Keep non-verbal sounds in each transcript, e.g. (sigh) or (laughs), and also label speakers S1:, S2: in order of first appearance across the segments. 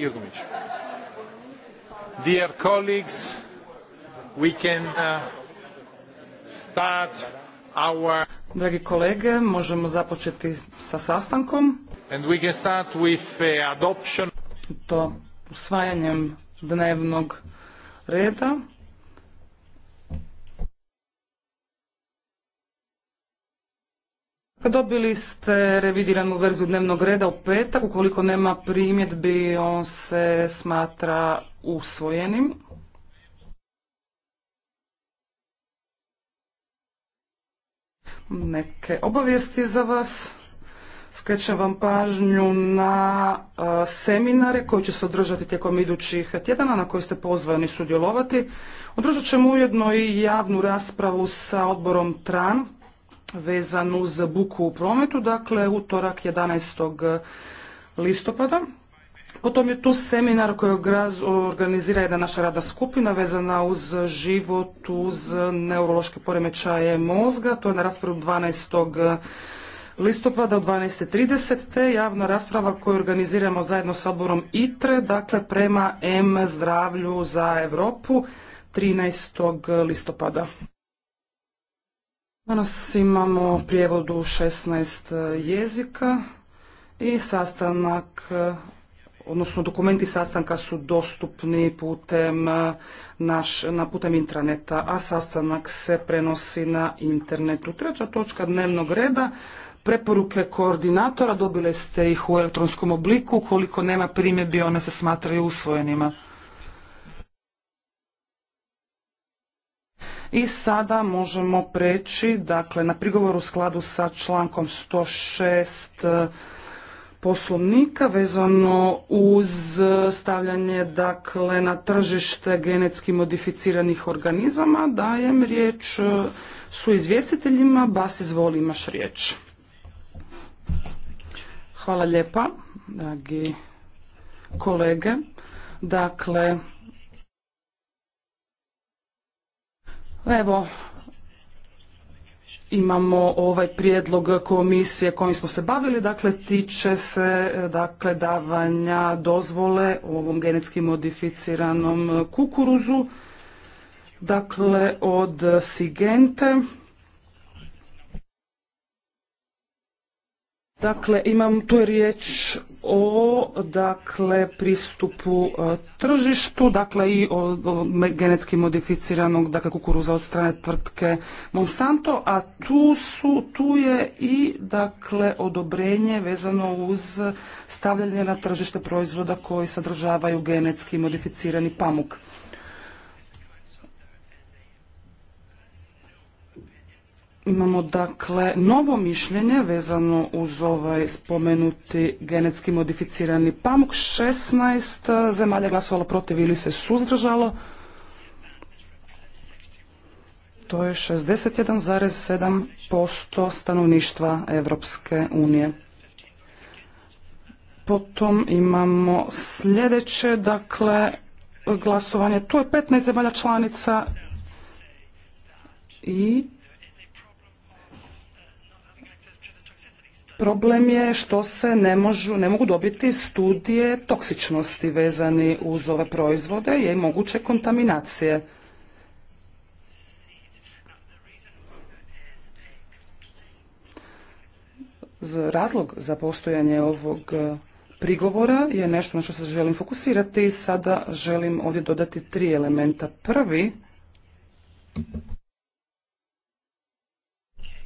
S1: Irgumić. Dear colleagues, we can uh, start our... Dragi kolege,
S2: možemo započeti sa sastankom.
S1: And we can start with adoption.
S2: To usvajanjem dnevnog reda. Dobili ste revidiranu verziju dnevnog reda u petak. Ukoliko nema primjedbi, on se smatra usvojenim. Neke obavijesti za vas. Skrećem vam pažnju na e, seminare koji će se održati tijekom idućih tjedana na koji ste pozvani sudjelovati. Održat ćemo ujedno i javnu raspravu sa odborom TRAN vezan uz buku u prometu, dakle utorak 11. listopada. Potom je tu seminar koji organizira jedna naša radna skupina vezana uz život, uz neurološke poremećaje mozga. To je na raspravu 12. listopada u 12.30. Te javna rasprava koju organiziramo zajedno s odborom ITRE, dakle prema M zdravlju za Europu 13. listopada. Danas imamo prijevodu 16 jezika i sastanak, odnosno dokumenti sastanka su dostupni putem, naš, na putem intraneta, a sastanak se prenosi na internetu. Treća točka dnevnog reda, preporuke koordinatora, dobile ste ih u elektronskom obliku, koliko nema primjedbi one se smatraju usvojenima. I sada možemo preći dakle, na prigovor u skladu sa člankom 106 e, poslovnika vezano uz stavljanje dakle, na tržište genetski modificiranih organizama. Dajem riječ e, su izvjestiteljima. Bas, izvoli, imaš riječ. Hvala lijepa, dragi kolege. Dakle, Evo, imamo ovaj prijedlog komisije kojim smo se bavili, dakle tiče se e, dakle davanja dozvole u ovom genetski modificiranom kukuruzu, dakle od Sigente. Dakle, imam tu je riječ o dakle pristupu e, tržištu, dakle i o, genetski modificiranog dakle kukuruza od strane tvrtke Monsanto, a tu su tu je i dakle odobrenje vezano uz stavljanje na tržište proizvoda koji sadržavaju genetski modificirani pamuk. Imamo dakle novo mišljenje vezano uz ovaj spomenuti genetski modificirani pamuk. 16 eh, zemalja glasovalo protiv ili se suzdržalo. To je 61,7% stanovništva Evropske unije. Potom imamo sljedeće, dakle, glasovanje. Tu je 15 zemalja članica i Problem je što se ne, ne mogu dobiti studije toksičnosti vezani uz ove proizvode i moguće kontaminacije. Razlog za postojanje ovog e, prigovora je nešto na što se želim fokusirati i sada želim ovdje dodati tri elementa. Prvi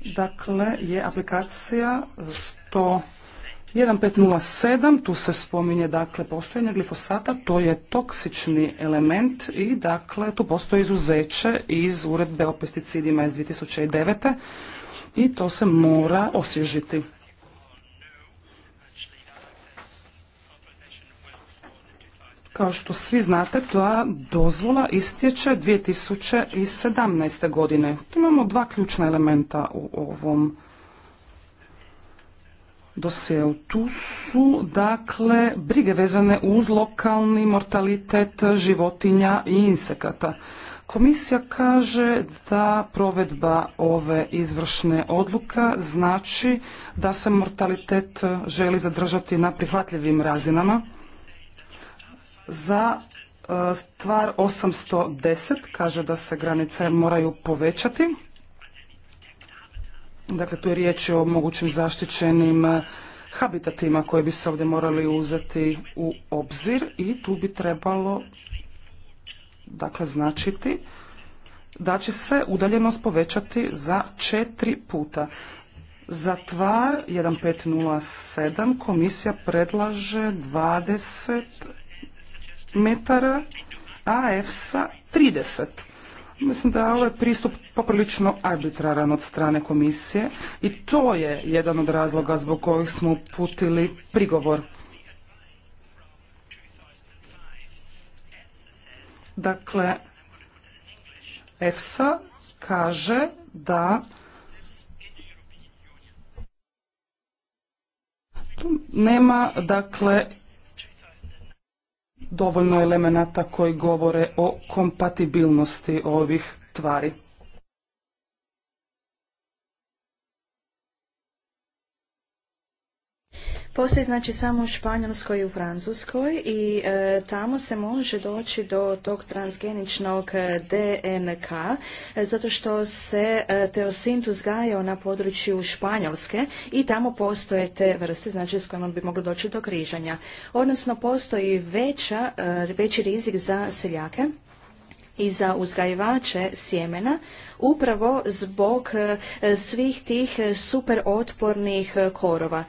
S2: dakle, je aplikacija 101.507, tu se spominje dakle postojanje glifosata, to je toksični element i dakle tu postoje izuzeće iz uredbe o pesticidima iz 2009. i to se mora osvježiti. Kao što svi znate, ta dozvola istječe 2017. godine. Tu imamo dva ključna elementa u ovom dosjeu. Tu su, dakle, brige vezane uz lokalni mortalitet životinja i insekata. Komisija kaže da provedba ove izvršne odluka znači da se mortalitet želi zadržati na prihvatljivim razinama za e, stvar 810 kaže da se granice moraju povećati. Dakle, tu je riječ o mogućim zaštićenim e, habitatima koje bi se ovdje morali uzeti u obzir i tu bi trebalo dakle značiti da će se udaljenost povećati za četiri puta. Za tvar 1507 komisija predlaže 20 metara, a EFSA 30. Mislim da je ovaj pristup poprilično arbitraran od strane komisije i to je jedan od razloga zbog kojih smo uputili prigovor. Dakle, EFSA kaže da nema dakle dovoljno elemenata koji govore o kompatibilnosti ovih
S3: tvari. Postoji znači samo u Španjolskoj i u Francuskoj i e, tamo se može doći do tog transgeničnog e, DNK e, zato što se e, teosint uzgajao na području Španjolske i tamo postoje te vrste znači s kojima bi moglo doći do križanja. Odnosno postoji veća, veći rizik za seljake i za uzgajivače sjemena upravo zbog svih tih superotpornih korova.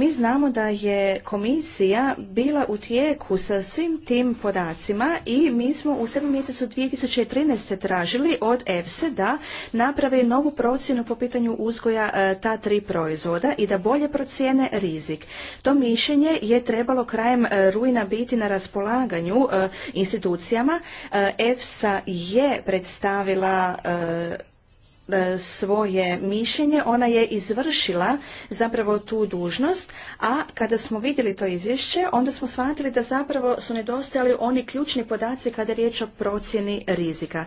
S3: Mi znamo da je komisija bila u tijeku sa svim tim podacima i mi smo u 7. mjesecu 2013. tražili od EFSE da naprave novu procjenu po pitanju uzgoja e, ta tri proizvoda i da bolje procijene rizik. To mišljenje je trebalo krajem e, rujna biti na raspolaganju e, institucijama. EFSA je predstavila E, svoje mišljenje, ona je izvršila zapravo tu dužnost, a kada smo vidjeli to izvješće, onda smo shvatili da zapravo su nedostajali oni ključni podaci kada je riječ o procjeni rizika.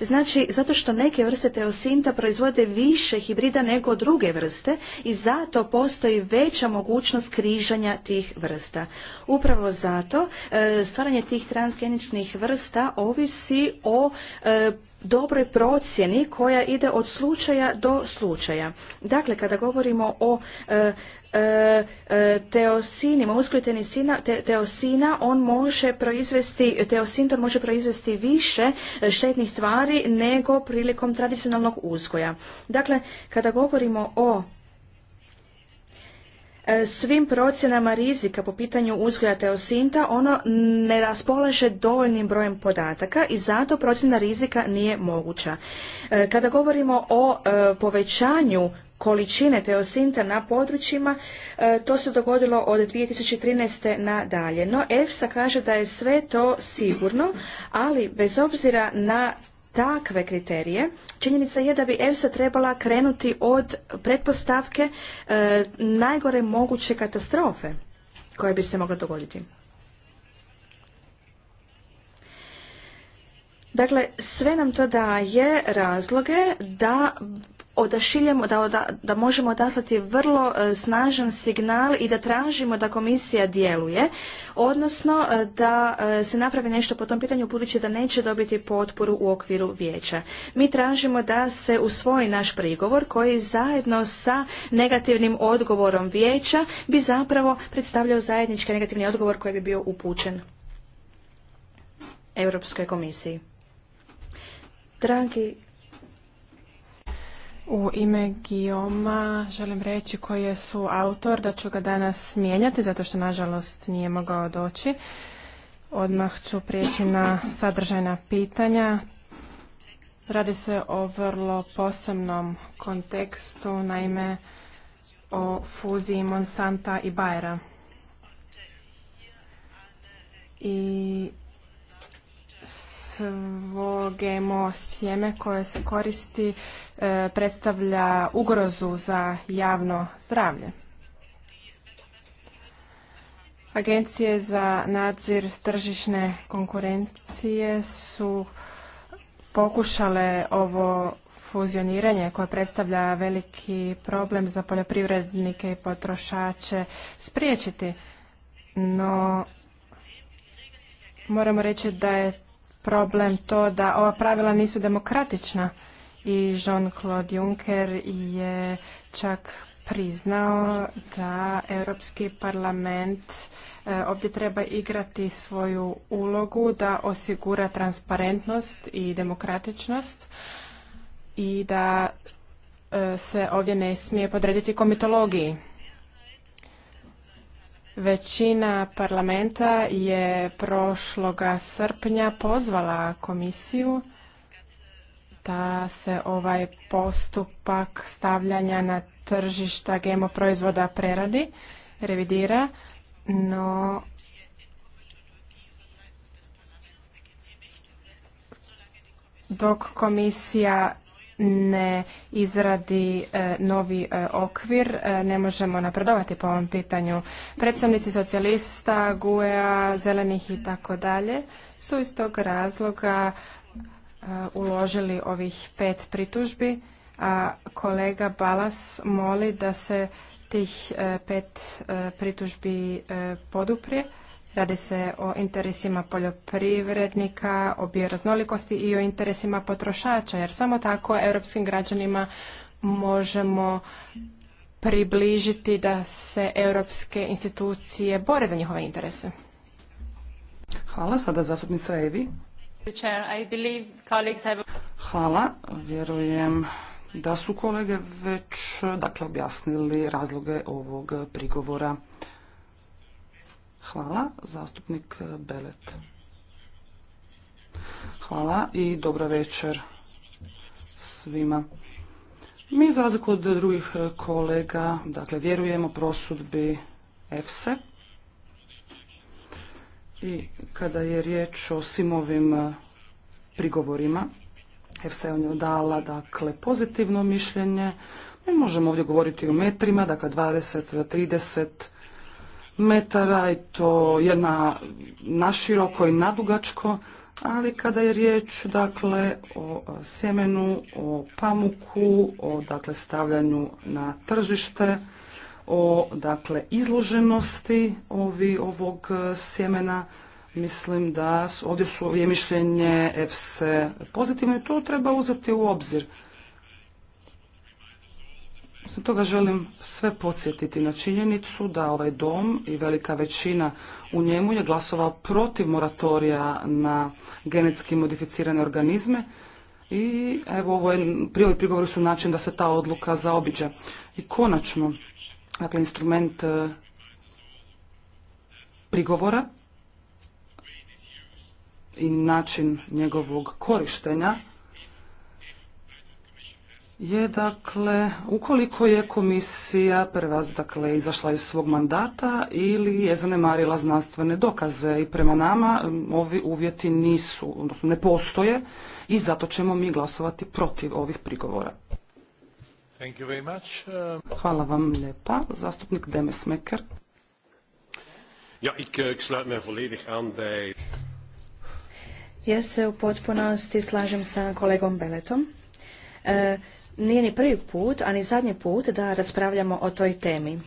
S3: Znači, zato što neke vrste teosinta proizvode više hibrida nego druge vrste i zato postoji veća mogućnost križanja tih vrsta. Upravo zato e, stvaranje tih transgeničnih vrsta ovisi o e, dobroj procjeni koja ide od slučaja do slučaja. Dakle, kada govorimo o e, e, e teosinima, tenisina, teosina, on može proizvesti, teosintor može proizvesti više štetnih tvari nego prilikom tradicionalnog uzgoja. Dakle, kada govorimo o E, svim procjenama rizika po pitanju uzgoja teosinta ono ne raspolaže dovoljnim brojem podataka i zato procjena rizika nije moguća. E, kada govorimo o e, povećanju količine teosinta na područjima, to se dogodilo od 2013. na dalje. No EFSA kaže da je sve to sigurno, ali bez obzira na takve kriterije, činjenica je da bi EFSA trebala krenuti od pretpostavke e, najgore moguće katastrofe koja bi se mogla dogoditi. Dakle, sve nam to daje razloge da odašiljemo, da, da, da možemo odaslati vrlo e, snažan signal i da tražimo da komisija djeluje, odnosno e, da e, se napravi nešto po tom pitanju budući da neće dobiti potporu u okviru vijeća. Mi tražimo da se usvoji naš prigovor koji zajedno sa negativnim odgovorom vijeća bi zapravo predstavljao zajednički negativni odgovor koji bi bio upućen Europskoj komisiji.
S4: Dragi u ime Gijoma želim reći koji je su autor, da ću ga danas mijenjati zato što nažalost nije mogao doći. Odmah ću prijeći na sadržajna pitanja. Radi se o vrlo posebnom kontekstu, naime o fuziji Monsanta i Bajera. I svo GMO sjeme koje se koristi e, predstavlja ugrozu za javno zdravlje. Agencije za nadzir tržišne konkurencije su pokušale ovo fuzioniranje koje predstavlja veliki problem za poljoprivrednike i potrošače spriječiti, no moramo reći da je problem to da ova pravila nisu demokratična i Jean-Claude Juncker je čak priznao da Europski parlament e, ovdje treba igrati svoju ulogu da osigura transparentnost i demokratičnost i da e, se ovdje ne smije podrediti komitologiji. Većina parlamenta je prošloga srpnja pozvala komisiju da se ovaj postupak stavljanja na tržišta GMO proizvoda preradi, revidira, no dok komisija ne izradi e, novi e, okvir, e, ne možemo napredovati po ovom pitanju. Predstavnici socijalista, GUEA, zelenih i tako dalje su iz tog razloga uložili ovih pet pritužbi, a kolega Balas moli da se tih pet pritužbi poduprije. Radi se o interesima poljoprivrednika, o bioraznolikosti i o interesima potrošača, jer samo tako europskim građanima možemo približiti da se europske institucije bore za njihove interese.
S2: Hvala. Sada zastupnica Evi. Hvala. Vjerujem da su kolege već dakle, objasnili razloge ovog prigovora. Hvala. Zastupnik Belet. Hvala i dobra večer svima. Mi, za razliku od drugih kolega, dakle, vjerujemo prosudbi EFSE. I kada je riječ o svim ovim prigovorima, on e je dala, dakle, pozitivno mišljenje. Mi možemo ovdje govoriti o metrima, dakle, 20, 30 metara i to je na, široko i nadugačko, ali kada je riječ dakle o sjemenu, o pamuku, o dakle stavljanju na tržište, o dakle izloženosti ovi ovog sjemena, mislim da ovdje su je mišljenje EFSE pozitivno i to treba uzeti u obzir. Osim toga želim sve podsjetiti na činjenicu da ovaj dom i velika većina u njemu je glasovao protiv moratorija na genetski modificirane organizme i evo ovo je, prije ovi prigovori su način da se ta odluka zaobiđe. I konačno, dakle instrument e, prigovora i način njegovog korištenja je dakle ukoliko je komisija prva dakle izašla iz svog mandata ili je zanemarila znanstvene dokaze i prema nama ovi uvjeti nisu odnosno ne postoje i zato ćemo mi glasovati protiv ovih prigovora.
S1: Thank you very much.
S2: Hvala vam lijepa. Zastupnik Demesmeker.
S1: Ja, ik, eh, ik me volledig aan
S3: Ja se u potpunosti slažem sa kolegom Beletom. Eh, nije ni prvi put, ani ni zadnji put da raspravljamo o toj temi.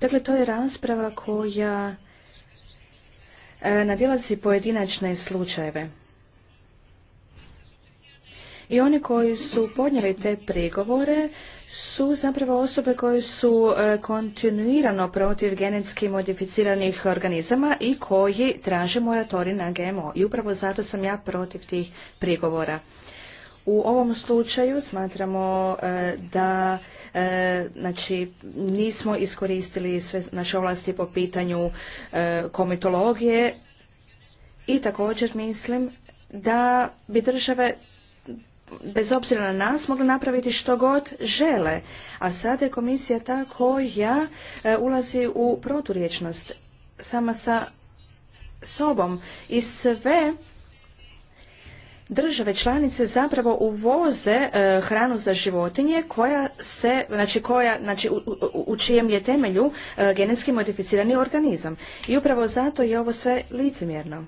S3: Dakle, to je rasprava koja nadjelazi nadilazi pojedinačne slučajeve. I oni koji su podnijeli te prigovore su zapravo osobe koje su e, kontinuirano protiv genetski modificiranih organizama i koji traže moratorij na GMO. I upravo zato sam ja protiv tih prigovora. U ovom slučaju smatramo e, da e, znači, nismo iskoristili sve naše ovlasti po pitanju e, komitologije i također mislim da bi države bez obzira na nas mogli napraviti što god žele. A sada je komisija ta koja ulazi u proturječnost sama sa sobom i sve države članice zapravo uvoze e, hranu za životinje koja se, znači koja, znači u, čijem je temelju e, genetski modificirani organizam. I upravo zato je ovo sve licemjerno.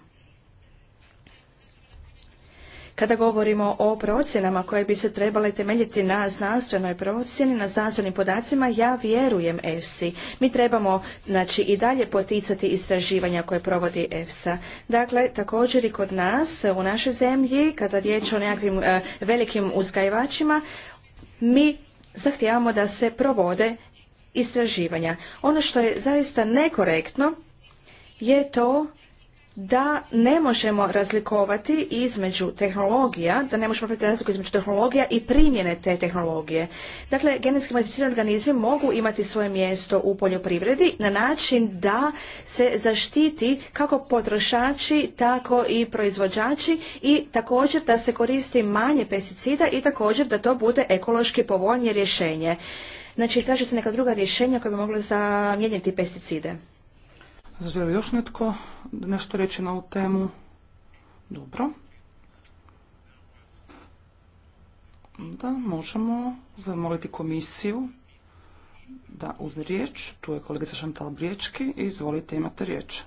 S3: Kada govorimo o procjenama koje bi se trebale temeljiti na znanstvenoj procjeni, na znanstvenim podacima, ja vjerujem EFSI. Mi trebamo znači, i dalje poticati istraživanja koje provodi EFSA. Dakle, također i kod nas, u našoj zemlji, kada riječ o nekakvim e, velikim uzgajivačima, mi zahtijevamo da se provode istraživanja. Ono što je zaista nekorektno je to da ne možemo razlikovati između tehnologija, da ne možemo praviti razliku između tehnologija i primjene te tehnologije. Dakle, genetski modificirani organizmi mogu imati svoje mjesto u poljoprivredi na način da se zaštiti kako potrošači, tako i proizvođači i također da se koristi manje pesticida i također da to bude ekološki povoljnije rješenje. Znači, traže se neka druga rješenja koja bi mogla zamijeniti pesticide. Želi još netko nešto reći na ovu temu? Dobro.
S2: Da, možemo zamoliti komisiju da uzme riječ. Tu je kolegica Šantal Briječki. Izvolite, imate riječ.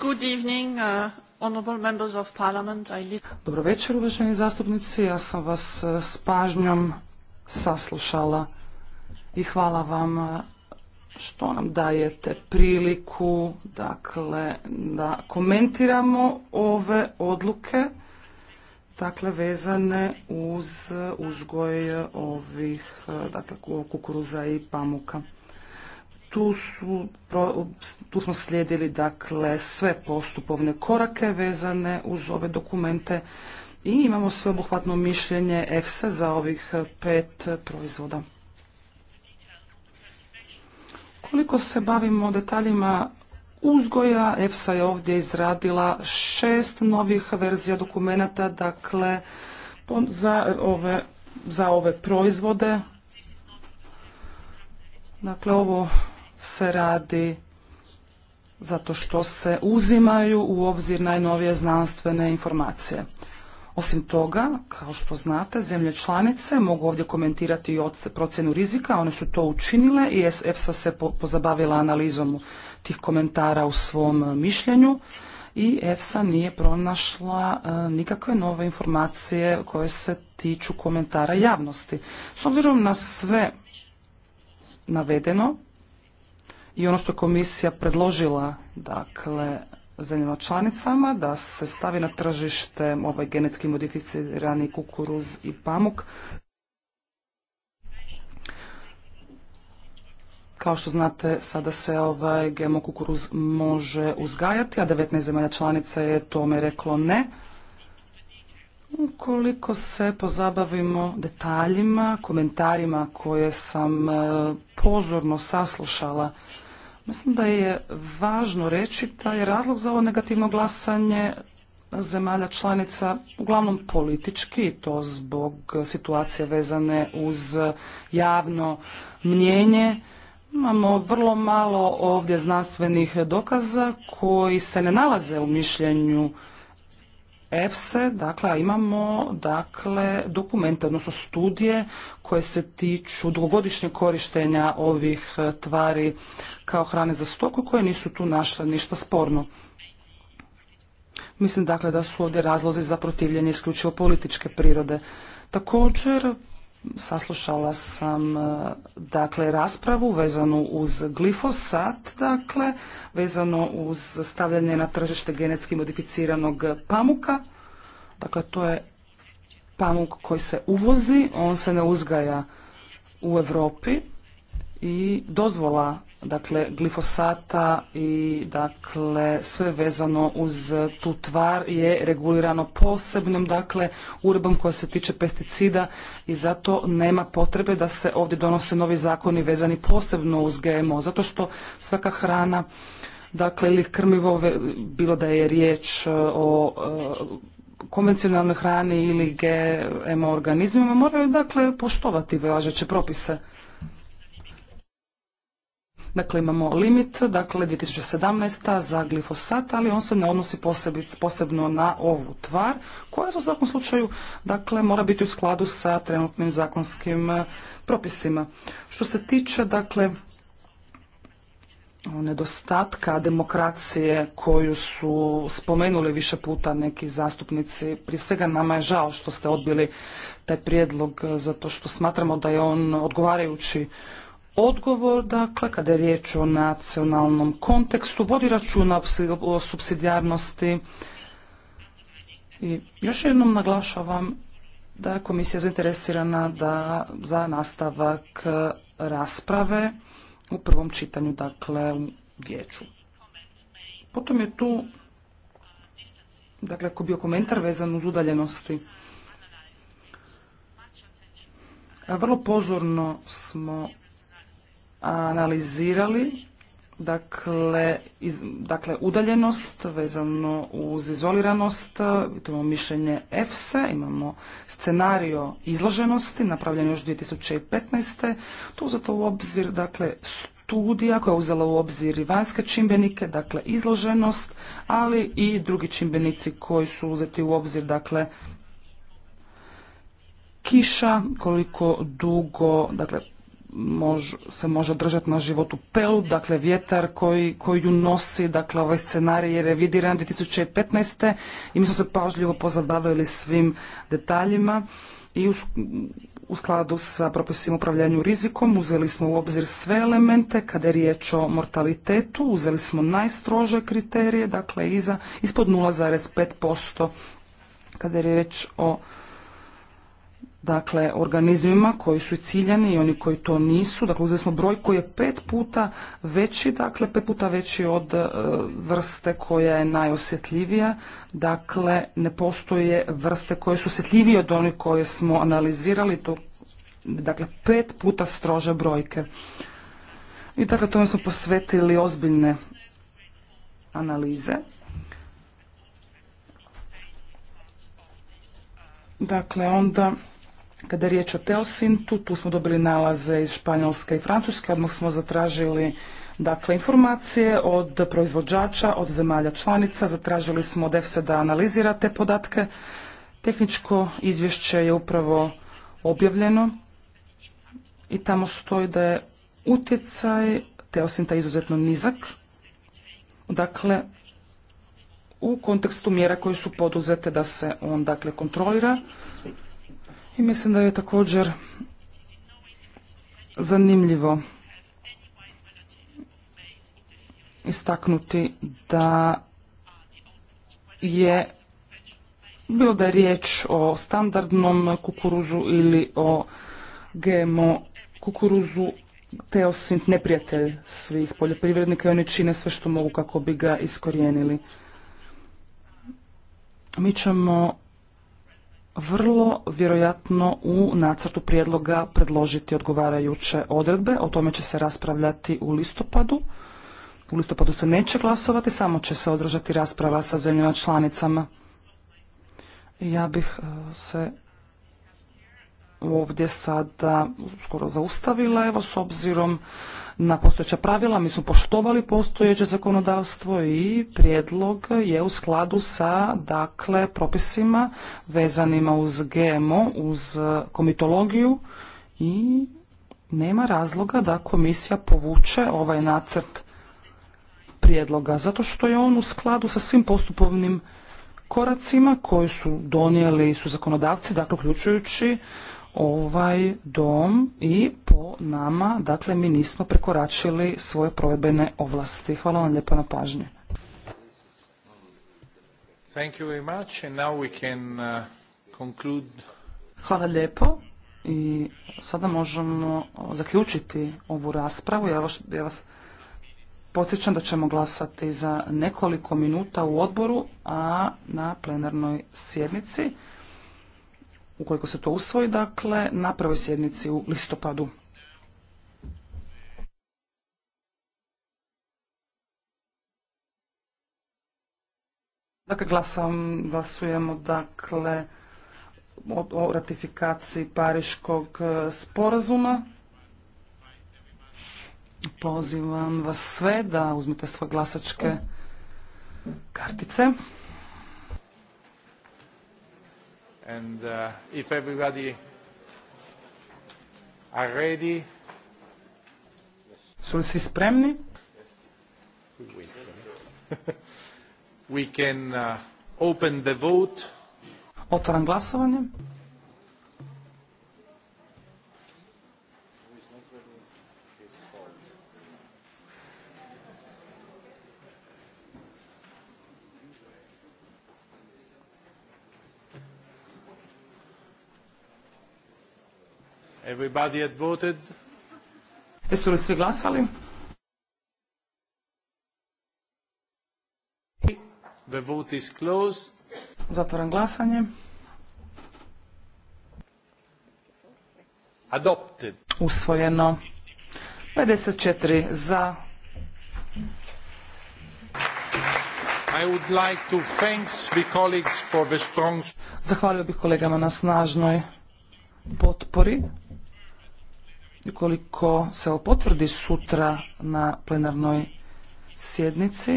S3: Good evening, uh, honorable members of parliament. I...
S2: Dobro večer, uvaženi zastupnici. Ja sam vas uh, s pažnjom saslušala i hvala vam uh, što nam dajete priliku dakle, da komentiramo ove odluke dakle, vezane uz uzgoj ovih dakle, kukuruza i pamuka. Tu, su, tu smo slijedili dakle, sve postupovne korake vezane uz ove dokumente i imamo sveobuhvatno mišljenje EFSA za ovih pet proizvoda. Koliko se bavimo detaljima uzgoja, EFSA je ovdje izradila šest novih verzija dokumenata, dakle, za ove, za ove proizvode. Dakle, ovo se radi zato što se uzimaju u obzir najnovije znanstvene informacije. Osim toga, kao što znate, zemlje članice mogu ovdje komentirati i procjenu rizika, one su to učinile i EFSA se pozabavila analizom tih komentara u svom e, mišljenju i EFSA nije pronašla e, nikakve nove informacije koje se tiču komentara javnosti. S obzirom na sve navedeno i ono što je komisija predložila, dakle, zemljama članicama da se stavi na tržište ovaj genetski modificirani kukuruz i pamuk. Kao što znate, sada se ovaj GMO kukuruz može uzgajati, a 19 zemalja članica je tome reklo ne. Ukoliko se pozabavimo detaljima, komentarima koje sam eh, pozorno saslušala, Mislim da je važno reći da je razlog za ovo negativno glasanje zemalja članica uglavnom politički i to zbog situacije vezane uz javno mnjenje. Imamo vrlo malo ovdje znanstvenih dokaza koji se ne nalaze u mišljenju EFSE, dakle, imamo dakle, dokumente, odnosno studije koje se tiču dugogodišnjeg korištenja ovih e, tvari kao hrane za stoku koje nisu tu našle ništa sporno. Mislim dakle da su ovdje razlozi za protivljenje isključivo političke prirode. Također saslušala sam e, dakle raspravu vezanu uz glifosat, dakle vezano uz stavljanje na tržište genetski modificiranog pamuka. Dakle to je pamuk koji se uvozi, on se ne uzgaja u Europi i dozvola dakle glifosata i dakle sve vezano uz tu tvar je regulirano posebnom dakle uredbom koja se tiče pesticida i zato nema potrebe da se ovdje donose novi zakoni vezani posebno uz GMO zato što svaka hrana dakle ili krmivo bilo da je riječ e, o e, konvencionalnoj hrani ili GMO organizmima moraju dakle poštovati važeće propise. Dakle, imamo limit, dakle 2017. za glifosat, ali on se ne odnosi posebno na ovu tvar, koja u svakom slučaju dakle, mora biti u skladu sa trenutnim zakonskim e, propisima. Što se tiče dakle, nedostatka demokracije koju su spomenuli više puta neki zastupnici. Prije svega nama je žao što ste odbili taj prijedlog e, zato što smatramo da je on odgovarajući odgovor, dakle, kada je riječ o nacionalnom kontekstu, vodi računa o subsidijarnosti. I još jednom naglašavam da je komisija zainteresirana da za nastavak e, rasprave u prvom čitanju, dakle, u vijeću. Potom je tu, dakle, ako bio komentar vezan uz udaljenosti, vrlo pozorno smo analizirali dakle, dakle udaljenost vezano uz izoliranost, tu imamo mišljenje EFSA, imamo scenario izloženosti, napravljeno još 2015. to uzeto u obzir dakle, studija koja je uzela u obzir i vanjske čimbenike, dakle izloženost, ali i drugi čimbenici koji su uzeti u obzir, dakle kiša, koliko dugo, dakle mož, se može držati na životu pelu, dakle vjetar koji, koji ju nosi, dakle ovaj scenarij je revidiran 2015. i mi smo se pažljivo pozabavili svim detaljima i u, skladu sa propisima upravljanju rizikom uzeli smo u obzir sve elemente kada je riječ o mortalitetu, uzeli smo najstrože kriterije, dakle iza, ispod 0,5% kada je riječ o dakle, organizmima koji su ciljani i oni koji to nisu. Dakle, uzeli smo broj koji je pet puta veći, dakle, pet puta veći od e, vrste koja je najosjetljivija. Dakle, ne postoje vrste koje su osjetljivije od onih koje smo analizirali. dakle, pet puta strože brojke. I dakle, tome smo posvetili ozbiljne analize. Dakle, onda kada je riječ o Teosintu, tu smo dobili nalaze iz Španjolske i Francuske, odmah smo zatražili dakle, informacije od proizvođača, od zemalja članica, zatražili smo od EFSA da analizira te podatke. Tehničko izvješće je upravo objavljeno i tamo stoji da je utjecaj Teosinta izuzetno nizak. Dakle, u kontekstu mjera koje su poduzete da se on dakle kontrolira i mislim da je također zanimljivo istaknuti da je bilo da je riječ o standardnom kukuruzu ili o GMO kukuruzu, Teosint neprijatelj svih poljoprivrednika i oni čine sve što mogu kako bi ga iskorijenili. Mi ćemo vrlo vjerojatno u nacrtu prijedloga predložiti odgovarajuće odredbe. O tome će se raspravljati u listopadu. U listopadu se neće glasovati, samo će se održati rasprava sa zemljama članicama. Ja bih e, se ovdje sada skoro zaustavila, evo s obzirom na postojeća pravila, mi smo poštovali postojeće zakonodavstvo i prijedlog je u skladu sa dakle propisima vezanima uz GMO, uz komitologiju i nema razloga da komisija povuče ovaj nacrt prijedloga, zato što je on u skladu sa svim postupovnim koracima koji su donijeli su zakonodavci, dakle uključujući ovaj dom i po nama, dakle mi nismo prekoračili svoje provedbene ovlasti. Hvala vam lijepo na pažnje. Uh, Hvala lijepo i sada možemo uh, zaključiti ovu raspravu. Ja ja vas podsjećam da ćemo glasati za nekoliko minuta u odboru, a na plenarnoj sjednici ukoliko se to usvoji, dakle, na prvoj sjednici u listopadu. Dakle, glasujemo, dakle, o, ratifikaciji Pariškog e, sporazuma. Pozivam vas sve da uzmete svoje glasačke kartice.
S1: And uh, if everybody are ready.
S2: Su si spremni?
S1: (laughs) We can uh, open the vote.
S2: Otvaram glasovanje.
S1: Everybody had voted.
S2: Jesu li svi glasali?
S1: The vote is closed.
S2: Zatvaram glasanje.
S1: Adopted.
S2: Usvojeno. 54 za.
S1: I would like to thanks the colleagues for the strong...
S2: Zahvalio bih kolegama na snažnoj potpori. Ukoliko se ovo potvrdi sutra na plenarnoj sjednici,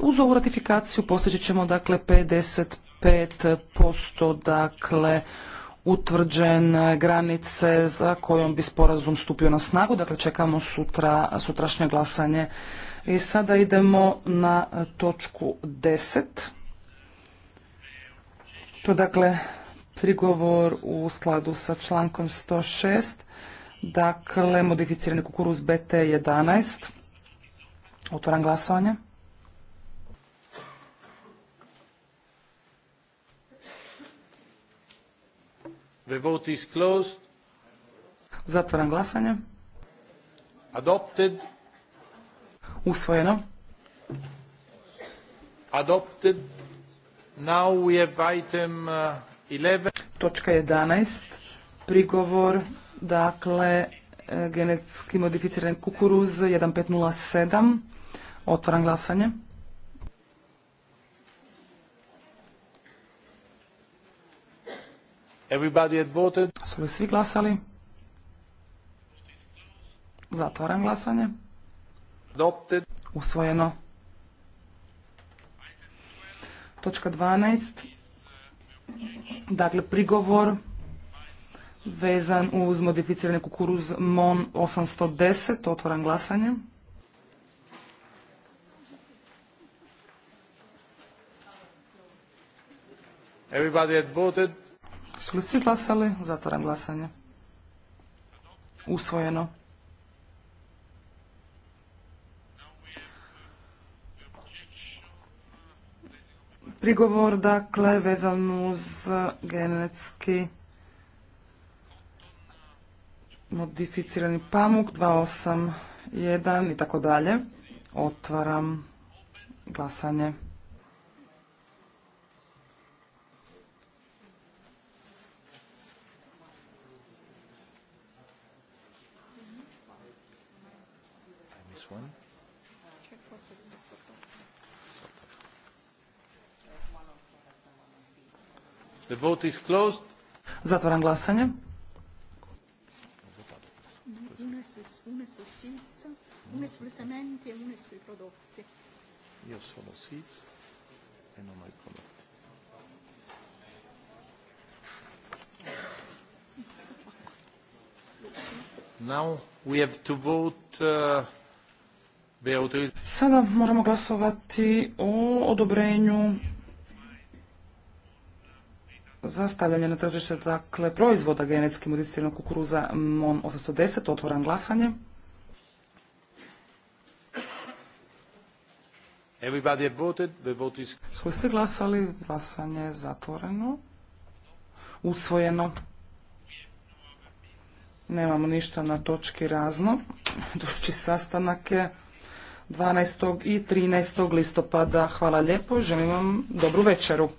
S2: uz ovu ratifikaciju postići ćemo dakle 55% dakle utvrđene granice za kojom bi sporazum stupio na snagu. Dakle, čekamo sutra, sutrašnje glasanje. I sada idemo na točku 10. To je dakle prigovor u skladu sa člankom 106 Dakle, modificirani kukuruz BT11. Otvoram glasovanje.
S1: The vote is closed.
S2: Zatvoram glasanje.
S1: Adopted. Usvojeno. Adopted. Now we have item 11. Uh,
S2: Točka 11. Prigovor Dakle, e, genetski modificiran kukuruz 1507. Otvaram glasanje. Everybody had Su li svi glasali? Zatvaram glasanje. Adopted. Usvojeno. Točka 12. Dakle, prigovor vezan uz modificirani kukuruz MON 810. Otvoram glasanje.
S1: Everybody
S2: Su svi glasali? Zatvoram glasanje. Usvojeno. Prigovor, dakle, vezan uz genetski modificirani pamuk 281 i tako dalje. Otvaram glasanje.
S1: The vote is closed.
S2: Zatvaram glasanje.
S3: una sulle sementi e una sui prodotti.
S1: Io sono Sitz e non ho i prodotti. Now we have to vote uh,
S2: Sada moramo glasovati o odobrenju za stavljanje na tržište dakle, proizvoda genetski modificiranog kukuruza MON 810. Otvoram glasanje.
S1: Everybody voted. The Smo svi
S2: glasali, glasanje je zatvoreno. Usvojeno. Nemamo ništa na točki razno. (laughs) Doći sastanak je 12. i 13. listopada. Hvala lijepo, želim vam dobru večeru.